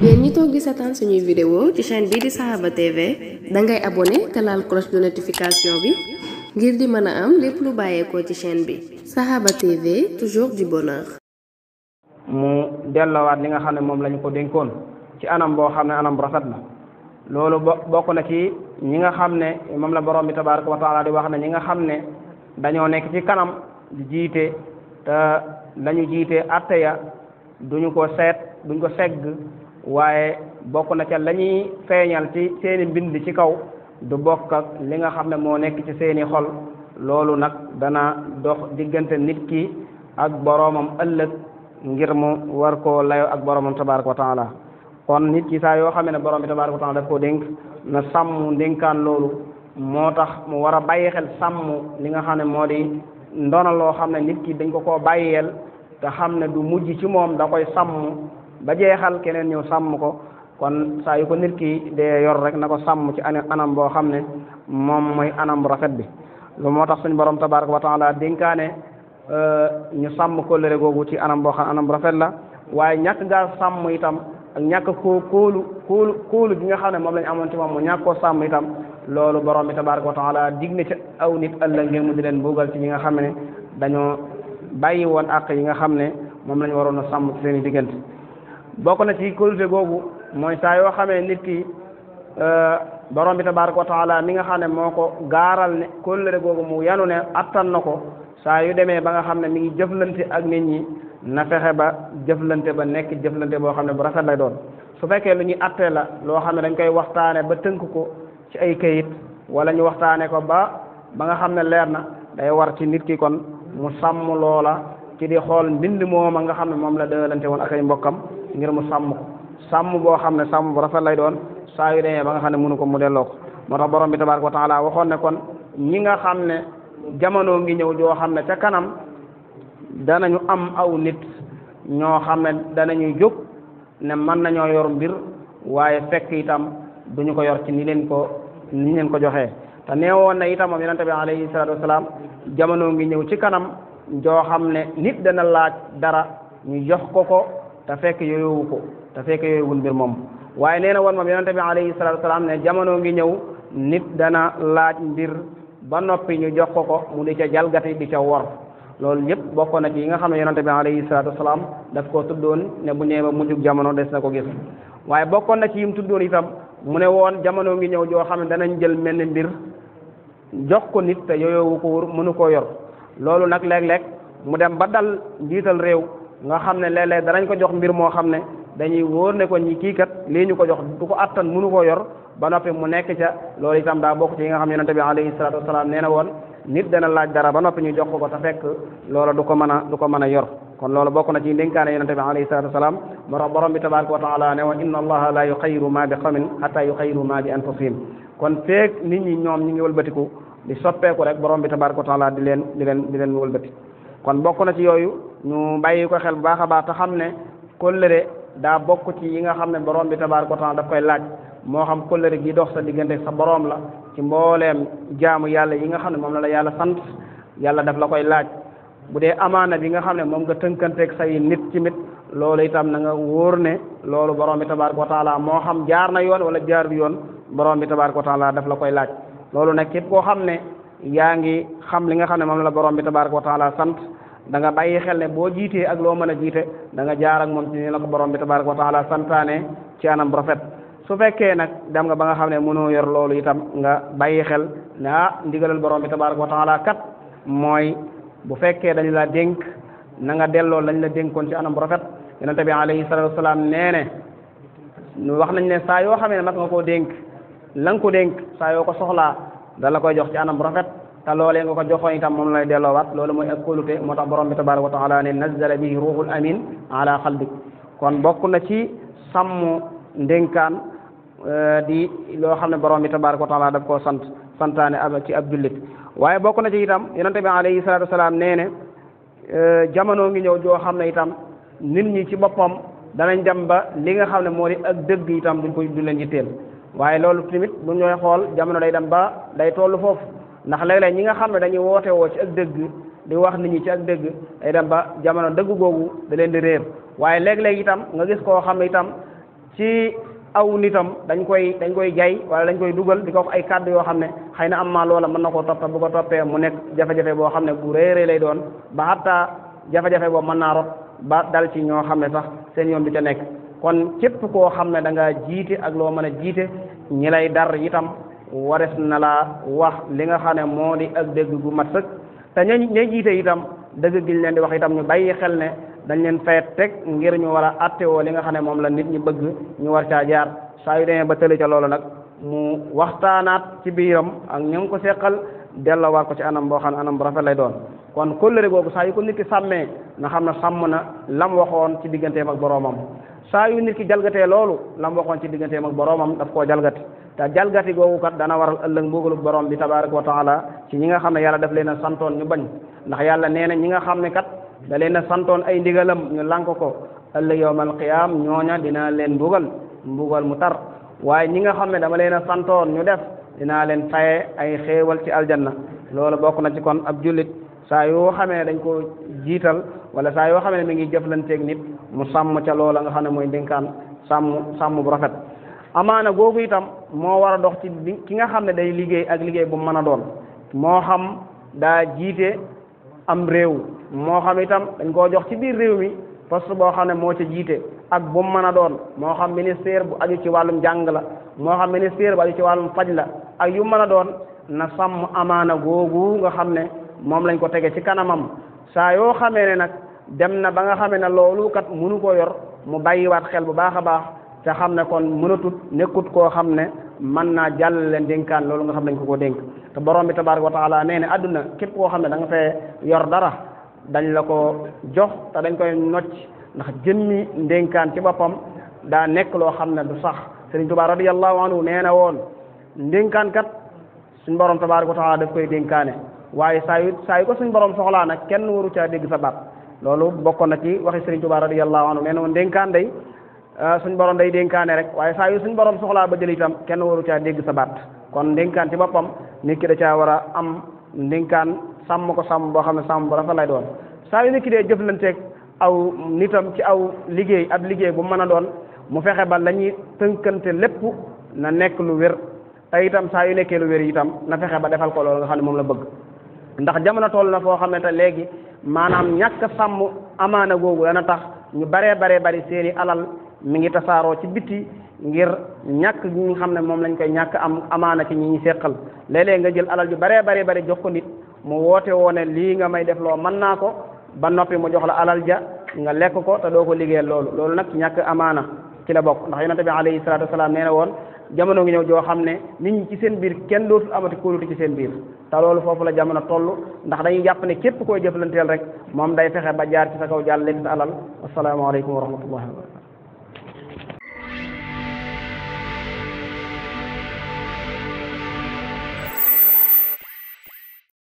yéen ñi toog di seetaan suñuy vidéo ci chaîne bii ya di Sahaba TV dangay abonné te laal cloche de notification bi ngir di mën a am lépp lu bàyyeekoo ci chaîne bi ya Sahaba TV toujours du bonheur. mu delloowaat li nga xam ne moom lañu ko dénkoon ci anam boo xam ne anam bu rafet la loolu bokk na ci ñi nga xam ne moom la borom bi tabaraka wa taala di wax ne ñi nga xam ne dañoo nekk ci kanam di jiite te lañu jiite atte ya duñu ko seet duñ ko segg waaye bokk na ca lañuy feeñal ci seeni mbind ci kaw du bokk ak li nga xam ne moo nekk ci seeni xol loolu nag dana dox diggante nit ki ak boroomam ëllëg ngir mu war koo layo ak boroomam tabaraka wa taala kon nit ki saa yoo xam ne borom bi tabaraka wa taala daf koo dénk na sàmm ndénkaan loolu moo tax mu war a bàyyi xel sàmm li nga xam ne moo di ndono loo xam ne nit ki dañ ko koo bàyyeel te xam ne du mujj ci moom da koy sàmm ba jeexal keneen ñëw sàmm ko kon saa ko nit kii dee yor rek na ko sàmm ci anam boo xam ne moom mooy anam bu rafet bi lu moo tax suñu borom tabaraka wa taala dénkaane euh, ñu sàmm kóllëre googu ci anam boo xam anam bu rafet la waaye ñàkk ngaa sàmm itam ñàkk koo kóolu kóolu kóolu gi nga xam ne moom lañ amoon ci moom mu ñàkk sàmm itam loolu borom bi tabaraka wa taala dig na ci aw nit ëllëg ngeen di leen bugal ci ñi nga xam ne dañoo bàyyi woon àq yi nga xam ne moom lañ waroon a sàmm ci seen i diggante bokk na ci kóolute googu mooy saa yoo xamee nit ki euh, borom bi tabaraka wa taala mi nga xam ne moo ko gaaral ne kóolute googu mu yanu ne attan na ko saa yu demee ba nga xam ne mi ngi jëflante ak nit ñi na fexe ba jëflante ba nekk jëflante boo xam ne bu rafet lay doon su fekkee lu ñuy attee la loo xam ne dañ koy waxtaane ba tënk ko ci ay kayit wala ñu waxtaane ko ba ba nga xam ne leer na day war ci nit ki kon mu sàmm loola ci di xool mbind mooma nga xam ne moom la dëlante woon ak ay mbokkam ngir mu sàmm ko sàmm boo xam ne sàmm bu rafet lay doon saa yu demee xam ne mënu ko mu delloo ko moo tax borom bi tabaraka wa waxoon ne kon ñi nga xam ne jamono ngi ñëw joo xam ne ca kanam danañu am aw nit ñoo xam ne danañu jóg ne mën nañoo yor mbir waaye fekk itam duñu ko yor ci ni leen ko ni leen ko joxe te neewoon na itam moom yonente bi alayhi salatu wasalaam jamono ngi ñëw ci kanam joo xam ne nit dana laaj dara ñu jox ko ko ta fekk yooyu ko ta fekk yooyu mbir moom waaye nee na woon moom yonente bi alayhi salatu wasalaam ne jamono ngi ñëw nit dana laaj mbir ba noppi ñu jox ko ko mu di ca jalgati di ca wor loolu yëpp bokk na ci yi nga xam ne yonente bi alayhi salatu wasalaam daf koo tuddoon ne bu ñëwee ba mujjug jamono des na ko gis waaye bokkoon na ci yim tuddoon itam mu ne woon jamono ngi ñëw joo xam ne danañ jël melni mbir jox ko nit te yoyou ko wër mënu koo yor loolu nag léeg-léeg mu dem ba dal njiital réew nga xam ne léeg-léeg danañ ko jox mbir moo xam ne dañuy wóor ne ko ñi kii kat lii ñu ko jox du ko attan mënu koo yor ba noppi mu nekk ca loolu itam daa bokk ci yi nga xam ne bi alayhi salaatu wasalaam nee na woon nit dana laaj ñu jox ko te fekk loola du ko mën a du mën a yor kon loolu bokk na ci ndénkaane yonente bi alayhi salaatu wasalaam moo tax borom bi tabaraka wa taala ne woon inna allaha la yuxayiru ma bi qawmin hatta yuxayiru ma bi anfusihim ñoom ñi ngi wëlbatiku di soppeeku rek borom bi tabaraka wa taala di leen di leen di leen wëlbati kon bokk na ci yooyu ñu bàyyi ko xel bu baax a baax te xam ne kóllëre daa bokk ci yi nga xam ne borom bi tabaaraka ko taala daf koy laaj moo xam kóllëre gi dox sa diggante sa borom la ci mbooleem jaamu yàlla yi nga xam ne moom la la yàlla sant yàlla daf la koy laaj bu dee amaana bi nga xam ne moom nga tënkanteeg say nit ci mit loolu itam na nga wóor ne loolu borom bi tabaaraka wa taala moo xam jaar na yoon wala jaar bi yoon borom bi tabaaraka wa taala daf la koy laaj loolu nag képp koo xam ne yaa ngi xam li nga xam ne moom la borom bi tabaaraka wa taala sant da nga bàyyi xel ne boo jiitee ak lo meuna jité da nga jaar ak mom ci ni borom bi tabaraka wa taala santane ci anam prophète su fekke nak dam nga ba nga xamne ne yor loolu itam nga bàyyi xel na ah, ndigalal borom bi wa taala kat moy bu fekke dañ la denk na nga delo lañ la ci anam prophète yenen tabi alayhi salatu wassalam neene nu wax nañ ne sa yo xamne mat nga ko denk la ko denk sa yo ko soxla da jox ci anam prophète te loolee nga ko joxoon itam moom lay delloowaat loolu mooy ak kóolute moo tax borom bi tabaraka wa taala ruuxul amin ala xalbik kon bokk na ci sàmm ndénkaan e, di loo xam ne borom bi tabaraka wa taala daf koo sant santaane ab ci ab jullit waaye bokk na ci itam yonente bi alayhi salaatu wasalaam nee ne e, jamono ngi ñëw joo xam ne itam nit ñi ci boppam danañ dem ba li nga xam ne moo di ak dëgg itam duñ ko du leen yitteel waaye xool jamono day dem ba day tollu foofu ndax léeg-léeg ñi nga xam ne dañuy woote woo ci ak dëgg di wax nit ñi ci ak dëgg day dem ba jamono dëgg googu da leen di réer waaye léeg-léeg itam nga gis koo xam ne itam ci aw nitam dañ koy dañ koy jay wala dañ koy dugal di ko ay kàddu yoo xam ne xëy na am maa loola mën na koo toppa bu ko toppee mu nekk jafe-jafe boo xam ne bu réeree lay doon ba xattaa jafe-jafe boobu mën naa rot ba dal ci ñoo xam ne sax seen yoon du nekk kon képp koo xam ne danga jiite ak loo mën a jiite ñi lay dar itam wares na laa wax li nga xam ne moo di ak dëgg gu mat sëkk te ña ña jiite itam dëgg gi ñu leen di wax itam ñu bàyyi xel ne dañ leen fay teg ngir ñu war a woo li nga xam ne moom la nit ñi bëgg ñu war caa jaar saa yu demee ba tële ca loolu nag mu waxtaanaat ci biiram ak ña ngi ko seqal delloowaat ko ci anam boo xam ne anam bu rafet lay doon kon kóllëre googu saa yu ko nit ki sàmmee na xam ne sàmm na lam waxoon ci digganteem ak boroomam sa yu nit ki jalgatee lolu lam waxon ci digganteem ak boromam daf ko jalgati ta jalgati gogu kat dana waral ëllëg mbogul borom bi tabaraka wa taala ci ñi nga xam yalla daf leena santone ñu bañ ndax yalla ñi nga xam kat da leena santone ay ndigalam ñu lank ko ëllëg yowmal qiyam ñoña dinaa leen mbugal mbugal mu tar waaye ñi nga xam dama leena santone ñu def dinaa leen fayé ay xéewal ci aljanna lolu bokk na ci kon ab julit sa yo xamé dañ ko jital wala sa yo xamé mi ngi ak nit mu sàmm ca loola nga xam ne mooy ndénkaan sàmm sàmm bu rafet amaana googu itam moo war a dox ci ki nga xam ne day liggéey ak liggéey bu mën a doon moo xam daa jiite am réew moo xam itam dañ koo jox ci biir réew mi poste boo xam ne moo ca jiite ak bu mën a doon moo xam ministère bu aju ci wàllum jàng la moo xam ministère bu aju ci wàllum faj la ak yu mën a doon na sàmm amaana googu nga xam ne moom lañ ko tege ci kanamam saa yoo xamee ne nag dem na ba nga xamee ne loolu kat mënu koo yor mu bàyyiwaat xel bu baax a baax te xam ne kon mënatut nekkut koo xam ne mën naa jàllale dénkaan loolu nga xam ne dañ ko ko dénk te borom bi tabaaraka wa taala nee àdduna képp koo xam ne da nga fee yor dara dañ la ko jox te dañ koy nocc ndax jëmmi ndénkaan ci boppam daa nekk loo xam ne du sax Sëriñ Tuubaa radiyallahu anhu nee na woon ndénkaan kat suñ borom tabaaraka wa taala daf koy dénkaane waaye saa yu saa yu ko suñ borom soxlaa nag kenn waru caa dégg sa baat loolu bokkoon na ci waxi Sëriñ Tuubaa radiyallahu anhu nee na woon dénkaan day ah, suñ borom day dénkaane rek waaye saa yu suñ borom soxlaa ba jël itam kenn waru caa dégg sa baat kon ndénkaan ci boppam nit ki da caa war a am ndénkaan sàmm ko sàmm boo xam ne sàmm bu rafet lay doon saa yu nit ki dee jëflanteeg aw nitam ci aw liggéey ab liggéey bu mën a doon mu fexe ba la ñuy tënkante lépp na nekk lu wér te itam saa yu nekkee lu wér itam na fexe ba defal ko loolu nga xam ne moom la bëgg ndax jamono toll na foo xam ne te léegi maanaam ñàkk sàmm amaana googu dana tax ñu baree baree bari seen i alal mi ngi tasaaroo ci biti ngir ñàkk ñi nga xam ne moom lañ koy ñàkk am amaana ci ñi ñu seqal léeg-léeg nga jël alal ju baree baree bari jox ko nit mu woote woo ne lii nga may defloo mën naa ko ba noppi mu jox la alal ja nga lekk ko te doo ko liggéeyal loolu loolu nag ci ñàkk amaana ci la bokk ndax yonente bi alayhi salatu wasalaam nee na woon jamono ngi ñëw joo xam ne nit ñi ci seen biir kenn dootul amati kóolute ci seen biir te foofu la jamono toll ndax dañuy jàpp ne képp koy jëflanteel rek moom day fexe ba jaar ci sa kaw jàll lekk sa alal asalaamaaleykum wa rahmatullahi wa barakatu